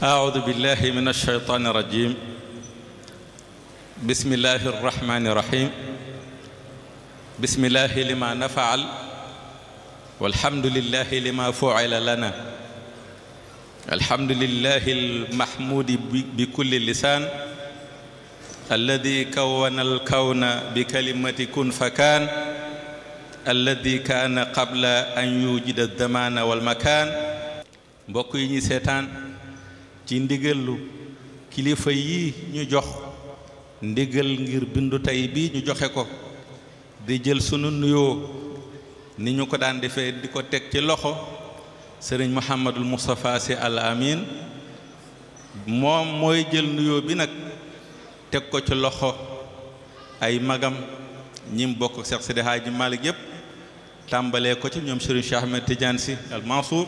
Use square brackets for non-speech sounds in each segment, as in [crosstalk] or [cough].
أعوذ بالله من الشيطان الرجيم بسم الله الرحمن الرحيم بسم الله لما نفعل والحمد لله لما فعل لنا الحمد لله المحمود بكل لسان الذي كون الكون بكلمة كن فكان الذي كان قبل أن يوجد الزمان والمكان mbokk yi ñuy seetaan ci ndigalu kilifa yi ñu jox ndigal ngir bindu tey bi ñu joxe ko di jël sunu nuyoo ni ñu ko daan defee di ko teg ci loxo sëriñ Mouhamadul Moustapha Sy Al Amin moom mooy jël nuyoo bi nag teg ko ci loxo ay magam ñim bokk Seex Sidi Haaji Malick yëpp tàmbalee ko ci ñoom sëriñ Cheikh Ahmed Al Mansour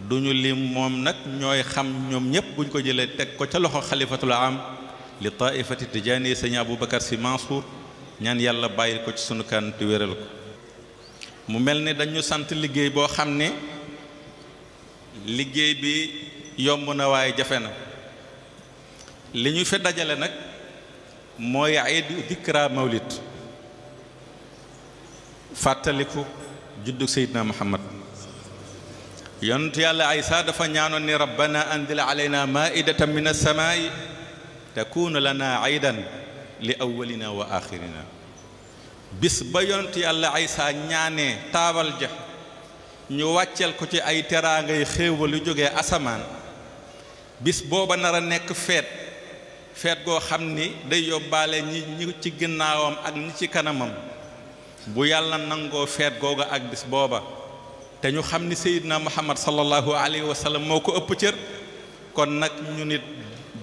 duñu lim moom nag ñooy xam ñoom ñëpp buñ ko jëlee teg ko ca loxo xalifatul am li taaifati tijaani bu Aboubacar si Mansour ñaan yàlla bàyyi ko ci sunu kan te ko mu mel ni dañu sant liggéey boo xam ne liggéey bi yomb na waaye jafe na li ñu fi dajale nag mooy iid dikra mawlid fàttaliku juddu Seydina Muhammad yonent yàlla aysa dafa ñaanoon ni rabbana anzil alayna maidatan min alsamaai takunu lana aydan li awalina wa axirina bis ba yonent yàlla aysa ñaanee taabal ja ñu wàcceel ko ci ay teraangay xéewal yu jógee asamaan bis booba nar a nekk feet feet goo xam ni day yóbbaale ñi ñi ci ginnaawam ak ñi ci kanamam bu yàlla nangoo feet googa ak bis booba te ñu xam ni sayidna muhammad sallallahu alayhi wa sallam moo ko ëpp cër kon nag ñu nit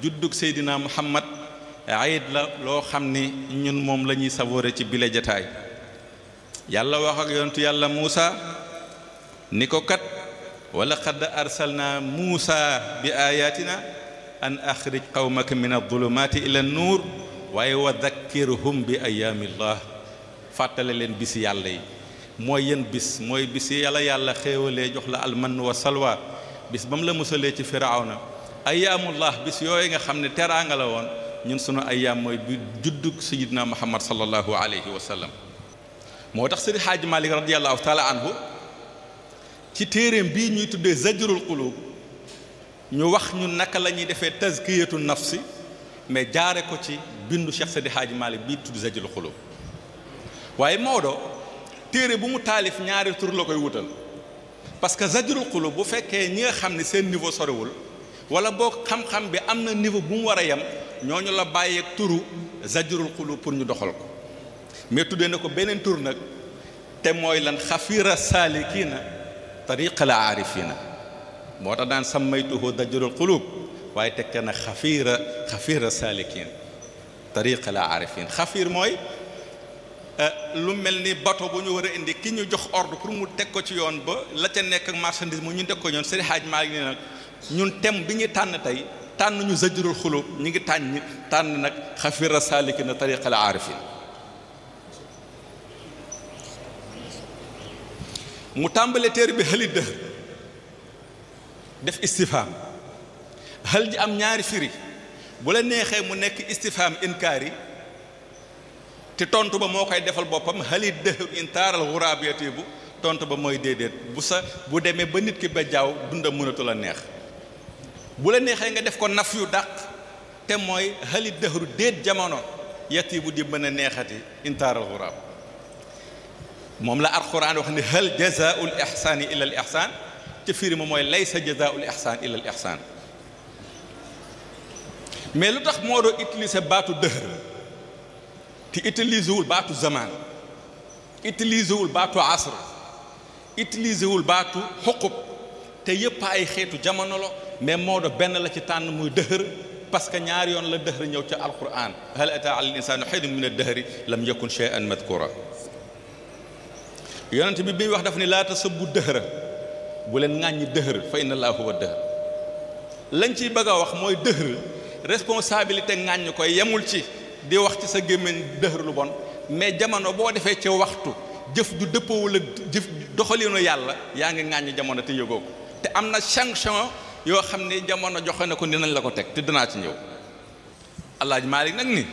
juddug sayidna muhammad ayit la loo xam ni ñun moom lañuy ñuy ci bile jataay yàlla wax ak yàlla muusa ni ko kat wala qad arsalna muusa bi ayatina an axrij qawmaka min adulumaati ila nuur waaye wa dakkirhum bi ayaamillah fàttale leen bisi yàlla yi mooy yenn bis mooy bis yala yàlla xéewalee jox la alman wa salwa bis ba mu la musalee ci firawna ayyaamullah bis yooyu nga xam ne teraanga la woon ñun sunu ayyaam mooy bi juddug sayidna muhammad sallallahu alayhi wa sallam moo tax sëriñ xaaji malik radiallahu taala an ci téeréem bii ñuy tuddee zajrul qulub ñu wax ñu naka la ñuy defee tazkiyatu nafsi mais jaare ko ci bindu cheikh sadi xaaji malik bii tudd zajrul qulub waaye Maodo téere bu mu taalif ñaari tur la koy wutal parce que zajrul xulub bu fekkee ñi nga xam ne seen niveau sorewul wala boo xam-xam bi am na niveau bu mu war a ñoo ñu la bàyyee turu zajrul xulub pour ñu doxal ko mais tuddee na ko beneen tur nag te mooy lan xafira saalikiina tariqal aarifiina moo tax daan sammaytuhu zajrul xulub waaye teg na xafiira xafiira saalikiina tariqal aarifiina xafiir mooy Euh, lu mel ni bateau bu ñu war a indi ki ñu jox ordre pour mu teg ko ci yoon ba la ca nekk ak marchandise mu ñu teg ko yoon sëriñ Hadj Malick ne nag ñun thème bi ñu tànn tey tànn ñu zajrul xulo ñu ngi tànn tànn nag xafira salikina tariqal aarifin mu tàmbale téere bi xëli dë def istifham xël am ñaari firi bu la neexee mu nekk istifham inkaari te tontu ba moo koy defal boppam xali dëxu intaaral xuraab yatibu tontu ba mooy déedéet bu sa bu demee ba nit ki ba jaaw dunda mënatul a neex bu la neexee nga def ko naf yu dàq te mooy xali dëxru déet jamono yatibu di mën a neexati intaaral xuraab moom la alxuraan wax ne hal jazaul ihsaani illa al ihsaan ca firi ma mooy laysa jazaul ihsaan illa al ihsaan mais lu tax moo doo utiliser baatu dëxër te utiliser wul baatu zamaan utiliser wul baatu asr utiliser wul baatu xuqub te yépp ay xeetu jamono la mais Maodo benn la ci tànn muy dëhër parce que ñaari yoon la dëhër ñëw ca alquran hal ata ala linsani xeyrin min addahri lam yakun cheyan madkura yonent bi bi muy wax daf ne laa tasubbu dëhëra bu leen ŋàññi dëhër fa inna laa huwa dëhër lañ ciy bëgg a wax mooy dëhër responsabilité ŋàññ koy yemul ci di wax ci sa gémmiñ dëxër lu bon mais jamono boo defee ci waxtu jëf ju dëppoo wala jëf doxaliinu yàlla yaa ngi ŋàññi jamono te yëgoo te am na sanction yoo xam ne jamono joxe na ko nañ la ko teg te danaa ci ñëw maa maalik nag ni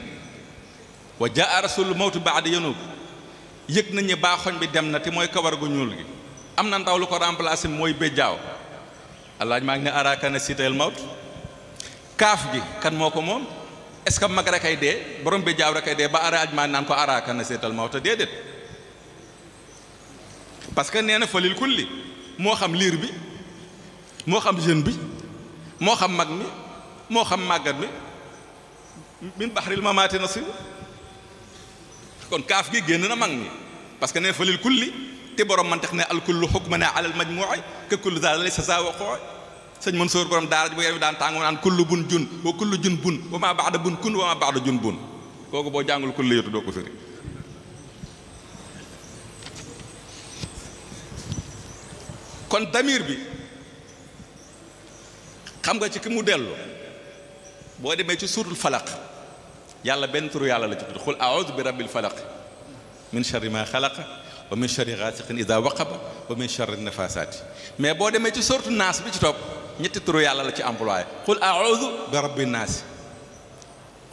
wa jaa rasul mawtu baada yanub yëg nañu baaxoñ bi dem na te mooy kawar gu ñuul gi am na ndaw lu ko remplacé mooy béjjaaw alaaji maalik ne araaka na siitayal mawt kaaf gi kan moo ko moom est-ce que mag rekay dee borom bi jaaw rekay dee ba araaj maa naan ko araaka na seetal mawta déedéet parce que nee na falil kulli moo xam liir bi moo xam jeune bi moo xam mag mi moo xam màggat bi min baxril mamaati na si kon kaaf gi génn na mag mi parce que nee falil kulli te borom man tax ne alkullu xukma ne alal majmuuci ke kullu daal lay sa saa sëñ Mansoor borom daara bu bi daan tàng naan kullu bun jun wa kullu jun bun wa maa baax da bun kun wa maa baax da jun bun kooku boo jàngul kullu yëtu doo ko firi kon damir bi xam nga ci ki mu dellu boo demee ci suutul falaq yàlla benn turu yàlla la ci tudd xul aoudu bi rabbil falaq min charri ma xalaq wa min charri gaasiqin ida waqaba wa min charri nafasaati mais boo demee ci suurtu naas bi ci topp ñetti turu yàlla la ci employé qul aoudu bi rabbi naasi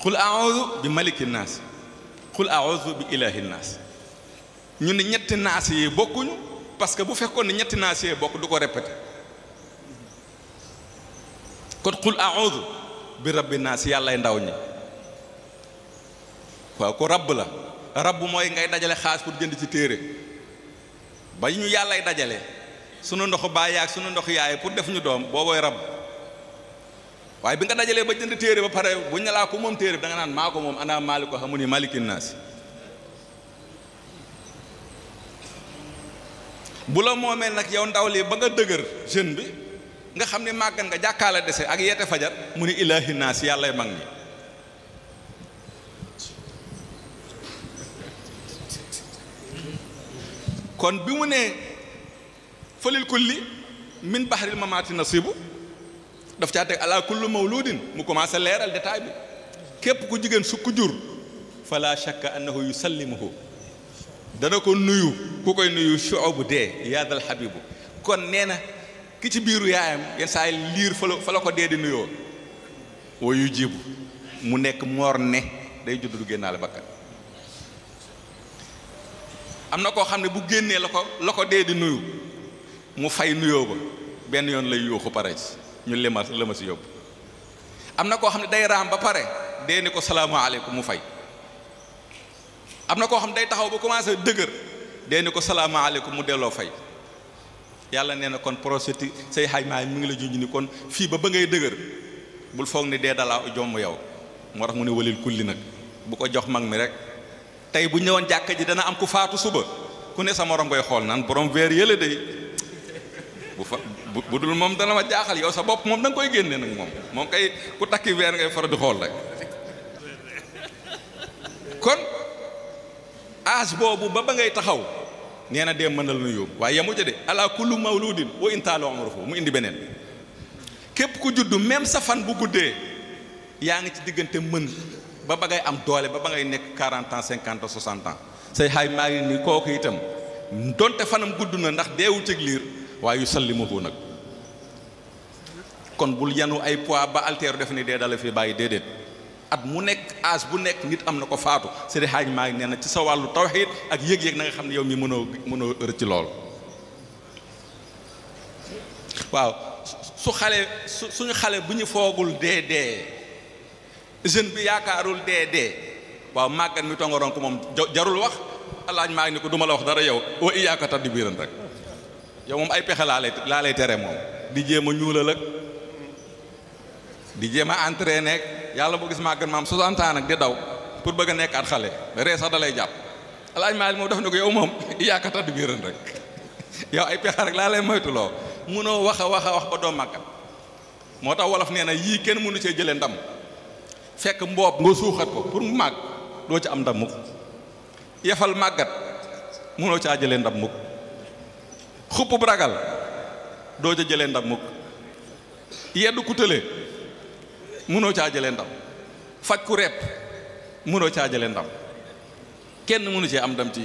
qul aoudu bi maliki naasi qul aoudu bi ilahi naasi ñu ne ñetti naas yi bokkuñu parce que bu fekkoon ne ñetti naas yi bokk du ko répété kon qul aoudu bi rabbi naasi yàllay ndaw ñi waaw ko rabb la rabb mooy ngay dajale xaalis pour jënd ci téere ba ñu yàllay dajale sunu ndoxu baay ak sunu ndox yaay pour def ñu doom boobooy rab waaye bi nga dajalee ba jënd téere ba pare bu ñu laa ko moom téere bi da nga naan maa ko moom ana ko xamu ni malikin naas bu la moomee nag yow ndaw lii ba nga dëgër jeune bi nga xam ne màggan nga jàkkaala dese ak yeete fajar mu ni ilaahi naas yàllay mag ñi falil kulli min bahril mamaati nasibu daf caa teg ala kullu mawludin mu commencé leeral détail bi képp ku jigéen sukk su ku jur fala yu annahu yusallimuhu dana ko nuyu ku koy nuyu shu'ubu dee yaadal habibu kon nee na ki ci biiru yaayam yenn saa liir fa la ko dee di nuyoo woo yu jibu mu nekk moor ne day judd du génnaale bakkan am na koo xam ne bu génnee la ko la ko dee di nuyu mu fay nuyoo ba benn yoon lay yuuxu pare ci ñu lema lema si yóbbu am na koo xam ne day raam ba pare dee ni ko aleykum mu fay am na koo xam ne day taxaw ba commencé dëgër dee ni ko salaamaaleykum mu delloo fay yàlla nee na kon proséti say xaymaa mi ngi la junj ni kon fii ba ba ngay dëgër bul foog ni dee dalaa jomm yow moo tax mu ne walil kulli nag bu ko jox mag mi rek tey bu ñëwoon jàkka ji dana am ku faatu suba ku ne sa morom koy xool naan borom weer yële day bu fa bu dul moom dana ma jaaxal yow sa bopp moom danga koy génne nag moom moom kay ku takki weer ngay fara di xool rek kon aas boobu ba ba ngay taxaw nee na dee mënal nu yóbbu waaye yamu ja de ala kullu mawludin wa intaalu umruhu mu indi beneen képp ku juddu même sa fan bu guddee yaa ngi ci diggante mën ba ba ngay am doole ba ba ngay nekk 40 ans 50 ans 60 ans say xaay maa ngi nii kooku itam donte fanam gudd na ndax deewul ci liir waaye yu sallimuhu nag kon bul yanu ay pois ba alteeru def ni dee dala fi bàyyi déedéet at mu nekk âge bu nekk nit am na ko faatu Seydi Hajj Maalik nee na ci sa wàllu tawxiid ak yëg-yëg na nga xam ne yow mi mënoo mënoo rëcc lool waaw su xale su suñu xale bu ñu foogul dee dee jeune bi yaakaarul dee dee waaw màggat mi tongaroon ko moom jarul wax alaaj maa ngi ni ko duma la wax dara yow wa iyaaka tadbiiran rek yow moom ay pexe laa lay tere moom di jéem a ñuulal ak di jéem a entraîner yàlla boo gis màggat maam 60 nag di daw pour bëgg a nekk xale ree sax dalay jàpp alaaj maali moom def na ko yow moom [laughs] yaakaar di biiran rek [laughs] yow ay pexe rek laa lay moytuloo mënoo wax a wax wax ba doo màggat moo tax wolof nee na yii kenn mënu cee jëlee ndam fekk mboob nga suuxat ko pour mag màgg doo ci am ndam mukk yefal màggat mënoo caa jëlee ndam mukk bu ragal doo ca jëlee ndam mukk yedd ku tële mënoo caa jëlee ndam faj ku repp mënoo caa jëlee ndam kenn mënu cee am ndam ci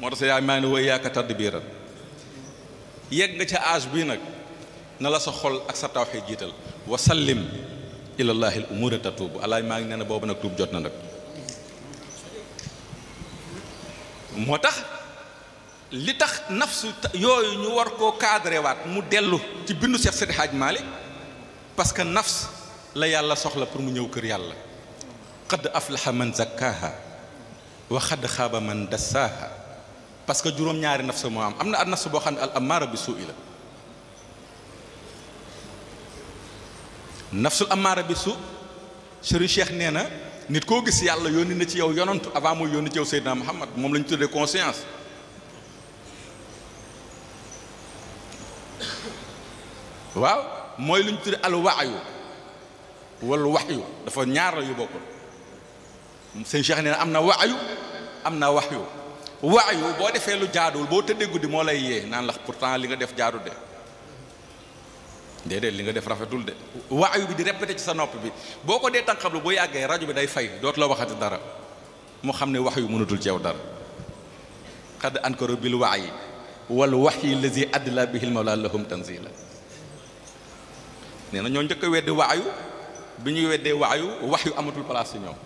moo tax sa yaay maa ngi woy yaaka tàdd biiral yegg nga ca as bii nag na la sa xol ak sa tawxe jiital wa sallim ilallahi l umuura tatuubu alaay maa ngi nee na boobu nag tuub jot na nag moo tax li tax nafsu yooyu ñu war koo cadré waat mu dellu ci bindu Cheikh Seydi Hadj Malick parce que nafs la yàlla soxla pour mu ñëw kër yàlla xadd aflaha man zakkaaha wa xadd xaaba man dassaaha parce que juróom-ñaari nafs moo am am na am nafs boo xam ne al amaara bi suu i la nafsul amaara bi suu sëriñ nee na nit koo gis yàlla yónni na ci yow yonantu avant mooy yónni ci yow Seydina Muhammad moom la ñu tuddee conscience waaw mooy lu ñu tudde al waayu wax waxyu dafa ñaar la yu bokkul seen cheikh nee na am na wax waayu am na wax waxyu waayu boo defee lu jaaduwul boo tëddee guddi moo lay yee naan la pourtant li nga def jaadu de de li nga def rafetul de waayu bi di répété ci sa nopp bi boo ko dee tànqablu bu yàggee rajo bi day fay dootu la waxati dara mu xam ne wax yu mënatul ci yow dara xad ankaro bil waayi wal waxyi lazi adla bihil mawla lahum tanzila nee na ñoo njëkk a weddi waayu bi ñuy weddee waayu wax yu amatul place ci ñoom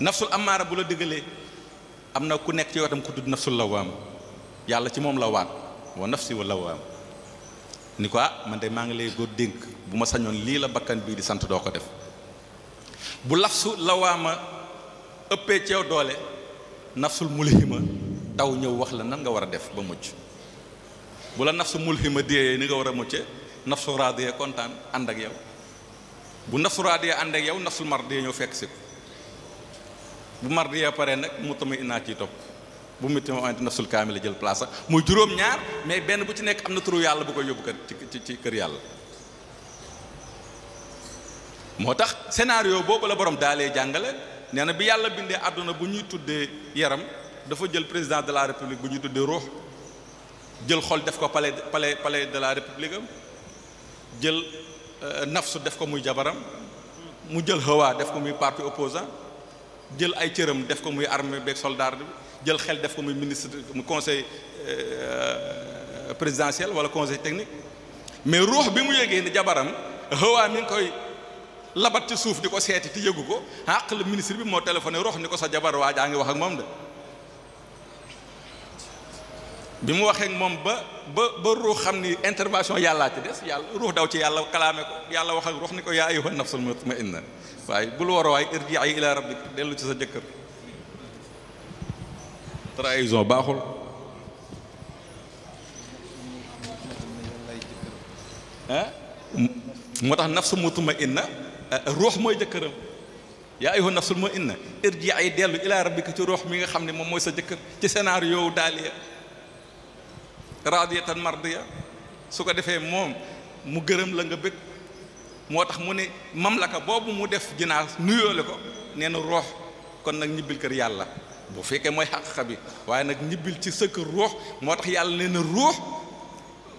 nafsul amaara bu la diggalee am na ku nekk ci wetam ku du nafsul lawaam yàlla ci moom la waan wa nafsi wa ni ko ah man de maa ngi lay góor dénk bu ma sañoon lii la bakkan bii di sant doo ko def bu lafsu lawaama ëppee ceew doole nafsul mulhima daw ñëw wax la nan nga war a def ba mucc bu la nafsu mulhima dee ni nga war a mucce nafsu raadiya kontaan ànd ak yow bu nafsu raadiya ànd ak yow nafsul mardiya ñëw fekk si ko bu mardiya pare nag mu tamit inaa ciy bu mu itam ante nafsul jël place muy juróom-ñaar mais benn bu ci nekk am na turu yàlla bu ko yóbbu kër ci kër yàlla. moo tax scénario boobu la borom daalee jàngale nee na bi yàlla bindee àdduna bu ñuy tuddee yaram dafa jël président de la république bu ñuy tuddee ruux. jël xol def ko palais palais palais de la république am jël euh, nafsu def ko muy jabaram mu jël hawa def ko muy parti opposant jël ay cëram def ko muy armée beeg soldat bi jël xel def ko muy ministre mu conseil euh, euh, présidentiel wala conseil technique mais ruux bi mu yëgee ni jabaram hawa mi ngi koy labat ci suuf di ko seeti ti yëgu ko àq la ministre bi moo téléphoné ruux ni ko sa jabar waa jaa ngi wax ak moom de bi mu waxee ak moom ba ba ba ruux xam ni intervention yàllaa ci des yàlla ruux daw ci yàlla kalaame ko yàlla wax ak ruux ni ko yaa ayyuhan nafsul mutmainna waaye bul war a waay irji'i ila rabbik dellu ci sa jëkkër trahison baaxul ah moo tax nafsul mutmainna eh, ruux mooy jëkkëram yaa ayyuhan nafsul mutmainna irji'i dellu ila rabbika ci ruux mi nga xam ne moom mooy sa jëkkër ci scénario daalia raadiyatan mardiya su ko defee moom mu gërëm la nga bëgg moo tax mu ne mamlaka boobu mu def ginnaaw nuyoole ko nee na roox kon nag ñibbil kër yàlla bu fekkee mooy xaq bi waaye nag ñibbil ci sa kër roox moo tax yàlla nee na roox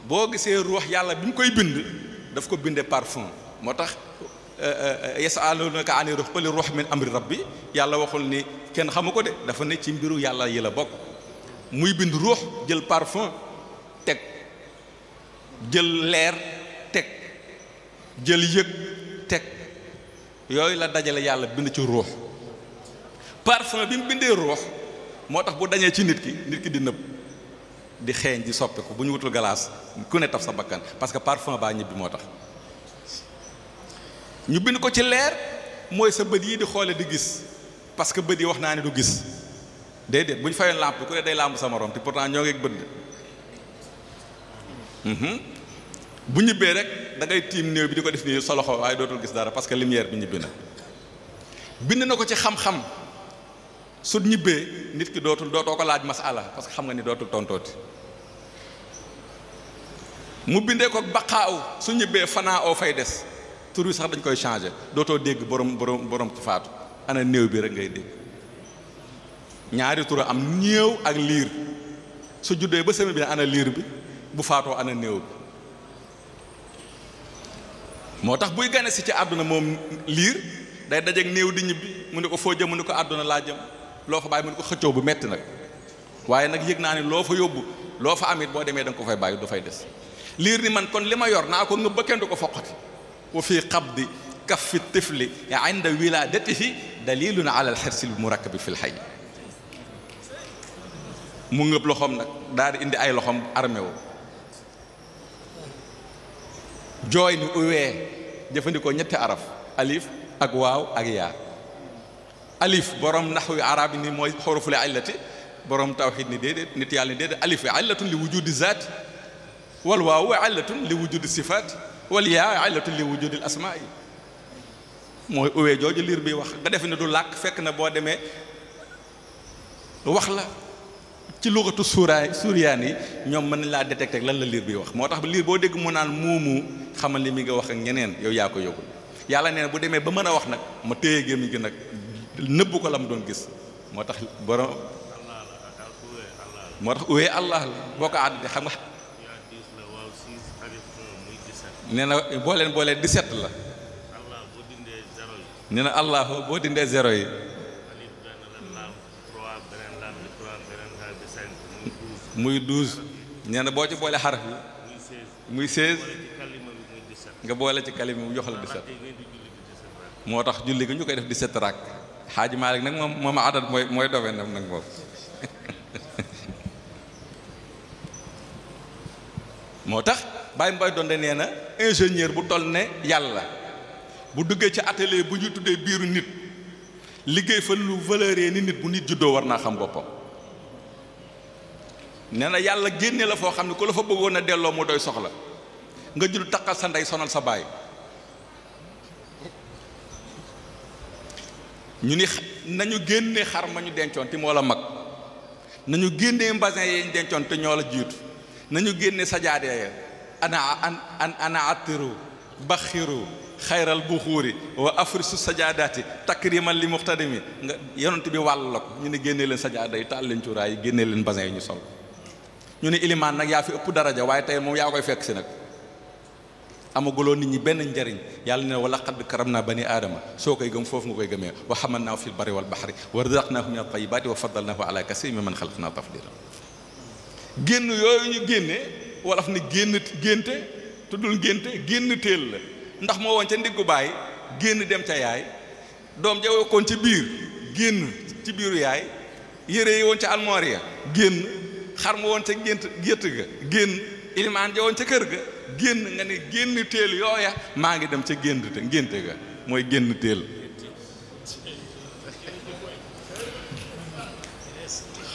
boo gisee roox yàlla bi mu koy bind daf ko bindee parfum moo tax euh, euh, yasalunaka ani ruux quli ruux min amri bi yàlla waxul ni kenn xamu ko de dafa ne ci mbiru yàlla yi la bokk muy bind ruux jël parfum teg jël leer teg jël yëg teg yooyu la dajale yàlla bind ci ruux parfum bi mu bindee ruux moo tax bu dañee ci nit ki nit ki di nëb di xeeñ di soppeeku bu ñu wutul galaas ku ne taf sa bakkan parce que parfum baa ñibbi moo tax ñu bind ko ci leer mooy sa bët yi di xoole di gis parce que bët yi wax naa ne du gis déedéet bu ñu fayoon làmp bi ku ne day làmp sa morom te ñoo ngi bët Mm-hmm. bu ñibbee rek da tiim néew bi di ko def nii sa waaye dootul gis dara parce que lumière bi ñibbi na bind na ko ci xam-xam su ñibbee nit ki dootul dootoo ko laaj masala parce que xam nga ni dootul tontooti mu bindee ko baqaaw su ñibbee fanaa oo fay des tur wi sax dañ koy changé dootoo dégg borom borom borom ci faatu ana néew bi rek ngay dégg ñaari tur am néew ak liir su juddee ba semi bi ana liir bi bu faatoo ana néew bi moo tax buy gane ci àdduna moom liir day dajeeg néew di ñibbi mu ne ko foo jëm mu ne ko àdduna laa jëm loo fa bàyyi mu ne ko xëccoo bu metti nag waaye nag yëg naa ne loo fa yóbbu loo fa am boo demee da nga ko fay bàyyi du fay des liir ni man kon li ma yor naa ko nga bëkkeen du ko foqati wa fii qabdi kaffi tifli inda wiladatihi dalilun ala alxirsil murakkabi fil xay mu ngëb loxoom nag daal di indi ay loxoom armé wu jooy ni uwee jëfandikoo ñetti araf alif ak waaw ak yaa alif borom naxwi arab ni mooy xorofule illati borom tawxid ni déedéet nit yàlla ni déedéet alif illatun li wujudi zaat wal waaw illatun li wujudi sifaat wal yaa illatun li wujudi asmaa mooy uwee jooju liir bi wax nga defe ne du làkk fekk na boo demee wax la ci luxatu suuraay suuriyaan yi ñoom mën nañ laa détecté lan la liir bi wax moo tax liir boo dégg mu naan muumu xamal li mi nga wax ak ñeneen yow yaa ko yóbbu yàlla nee na bu demee ba mën a wax nag ma téye gémmiñ gi nag nëbb ko la mu doon gis moo tax borom moo tax uwee allah la boo ko àddate xam nga nee na boo leen boolee 17 la nee na allah boo dindee zéro yi muy douze nee na boo ci boole xaraf yi muy seize nga boole ci kalima mu jox la dix moo tax julli gi ñu koy def di sept raak xaaji Maalik nag moom moom adat mooy mooy domaine nag moom [laughs] moo tax Baye Mbaye Donde nee na ingénieur bu toll ne yàlla bu duggee ci atelier bu ñu tuddee biiru nit liggéey fa lu valeur ni nit bu nit juddoo war naa xam boppam nee na yàlla génne la foo xam ne ku la fa bëggoon a delloo mu doy soxla nga jul taqal sa ndey sonal sa baay ñu ni nañu génne xar ma ñu dencoon te moo la mag nañu génne mbasin yeñ dencoon te ñoo jiitu nañu génne sajaade ya ana an ana attiru baxiru xayral buxuuri wa afrisu sajaadaati takriman li muxtadimi nga yonent bi wàll la ko ñu ne génne leen sajaada yi taal leen cuuraay yi génne leen mbasin yi ñu sol ñu ne ilimaan nag yaa fi ëpp daraja waaye tey moom yaa koy fekk si nag amaguloo nit ñi benn njariñ yàlla ne wa laqad karamna bani aadama soo koy gëm foofu nga koy gëmee naa hamalnaahum fil barri wal bahri wa razaqnaahum min at-tayyibaati wa faddalnaahum ala kasiirin mimman xalaqnaa tafdiila génn yooyu ñu génne wolof ni génn génte tuddul génte génn téel la ndax moo woon ca ndiggu baay génn dem ca yaay doom ja woon ci biir génn ci biiru yaay yére yi woon génn xar ma woon ca gént gétt ga génn ilimaan ja woon ca kër ga génn nga ne génn téel yooya maa ngi dem ca gént génte ga mooy génn téel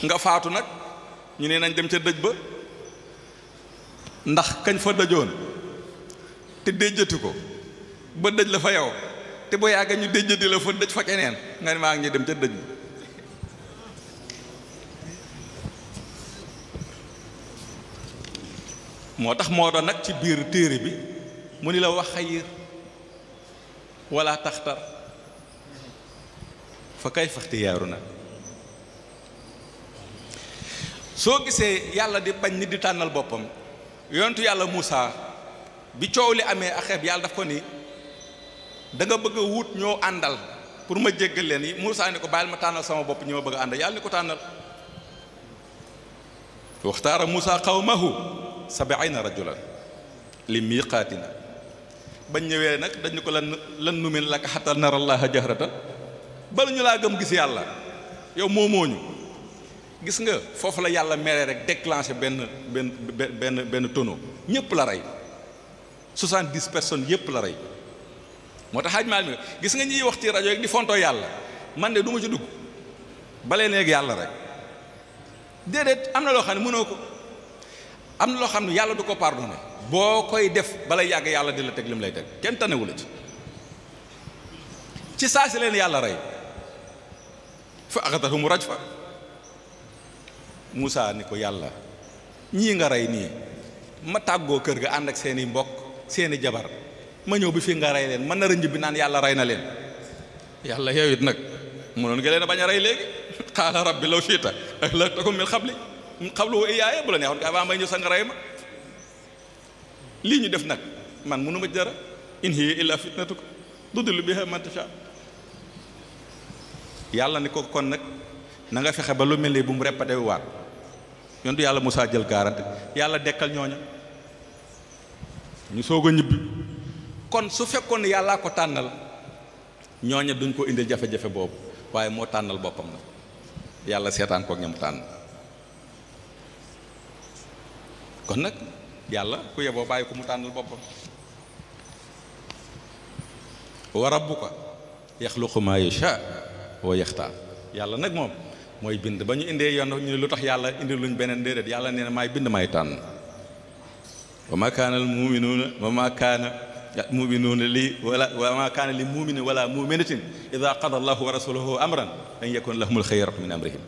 nga faatu nag ñu ne nañ dem ca dëj ba ndax kañ fa dëjoon te déjjati ko ba dëj la fa yow te bu yàgg ñu déjjati la fa dëj fa keneen nga ne maa ngi dem ca dëj moo tax moo doon nag ci biir téere bi mu ni la wax xayir wala taxtar fa kay faxti yaaru na soo gisee yàlla di bañ nit di tànnal boppam yontu yàlla Moussa bi coow li amee ak xeeb yàlla daf ko ni da bëgg a wut ñoo àndal pour ma jégg leen yi Moussa ni ko bàyyil ma tànnal sama bopp ñi ma bëgg a àndal yàlla ni ko tànnal waxtaara Moussa qawmahu na sabaina rajulan li miqaatina bañ ñëwee nag dañu ko lan lan numin laka xatal nara allaha jahrata bala ñu laa gëm gis yàlla yow moomooñu gis nga foofu la yàlla meree rek déclenché benn benn benn benn tonneau ñëpp la rey soixante-dix personnes yëpp la rey moo tax xajmaal mi gis nga ñiy wax ci rajo rek di fontoo yàlla man de duma ma ci dugg balee neeg yàlla rek déedéet am na loo xam ne mënoo ko am na loo xam ne yàlla du ko pardonné boo koy def bala yàgg yàlla di la teg lim lay teg kenn tanewu la ci ci saa si leen yàlla rey fa axatahum rajfa Moussa ni ko yàlla ñii nga rey nii ma tàggoo kër gi ànd ak seeni mbokk seeni jabar ma ñëw bi fii nga rey leen man na rënj bi naan yàlla rey na leen yàlla yow it nag mënoon nga leen a bañ a rey léegi [laughs] qaala rabbi law shi'ta ahlaktakum min qabli xawloo iyaaya bu la neexoon nga avant may ñëw sa nga rey ma lii ñu def nag man mënuma ci dara in hiya illa fitnatuka tudillu biha man tasha yàlla ni ko kon nag na fexe ba lu mel ni bu mu répété waat yontu yàlla musaa jël garanti yàlla dekkal ñooña ñu soog a ñibbi kon su fekkoon yàllaa ko tànnal ñooña duñ ko indil jafe-jafe boobu waaye moo tànnal boppam na yàlla seetaan kook ñam tànn kon nag yàlla ku yeboo bàyyi ko mu tànnal boppam wa rabbuka yi maa yashaa wa yaxtaar yàlla nag moom mooy bind ba ñu indee yoon ñu lu tax yàlla indi luñ beneen déedéet yàlla nee na maay bind maay tànn wa maa kaana al muminuuna wa maa kaana muminuuna li wala wa maa kaana li muminin wala muminatin ida qada allahu wa rasuluhu amran an yakun lahumul xayratu min amrihim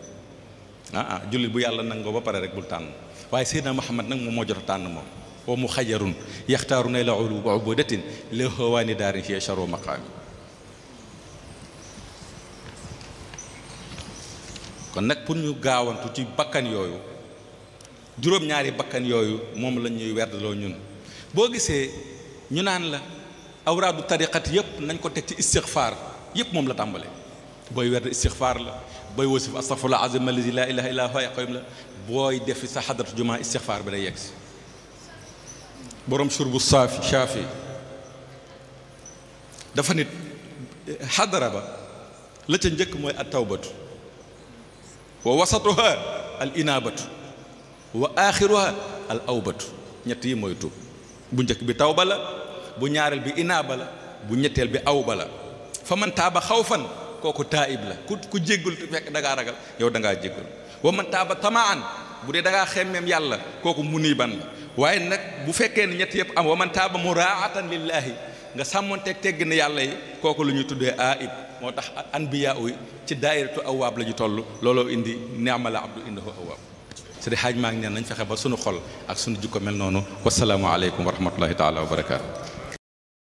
ah ah jullit bu yàlla nangoo ba pare rek bul tànn waaye Seydina Muhammad nag moom moo jot a tànn moom wa mu xajarun yaxtaaru nay la ulu ba ubudatin li hawaani daarin fi charo maqaami kon nag pour ñu gaawantu ci bakkan yooyu juróom-ñaari bakkan yooyu moom la ñuy werdaloo ñun boo gisee ñu naan la awraadu tariqat yépp nañ ko teg ci istixfaar yépp moom la tàmbale booy werd istixfaar la booy wasif astaghfirullah azim allazi la ilaha illa huwa qayyum la booy defi sa xadratu jumaa istixfaar bi day yegg si borom shurbu saafi shaafi dafa nit xadara ba la ca njëkk mooy at tawbatu wa wasatuha al inaabatu wa aaxiruha al awbatu ñett yi mooy tuub bu njëkk bi tawba la bu ñaareel bi inaaba la bu ñetteel bi awba la fa man taaba xawfan kooku taaib la ku ku jéggul te fekk dangaa ragal yow da ngaa jéggul wa man taaba tamaan bu dee da ngaa xemmeem yàlla kooku muniban la waaye nag bu fekkee ne ñett yëpp am wa man taaba muraatan lillaahi nga sàmmonteeg tegg na yàlla yi kooku lu ñuy tuddee aib moo tax anbiya yi ci daayiratu awaab la ñu toll looloo indi ni'mala abdu indi awaab sëriñ xaaj maa ngi nañ fexe ba sunu xol ak sunu jikko mel noonu wasalaamu aleykum wa rahmatullahi taala wa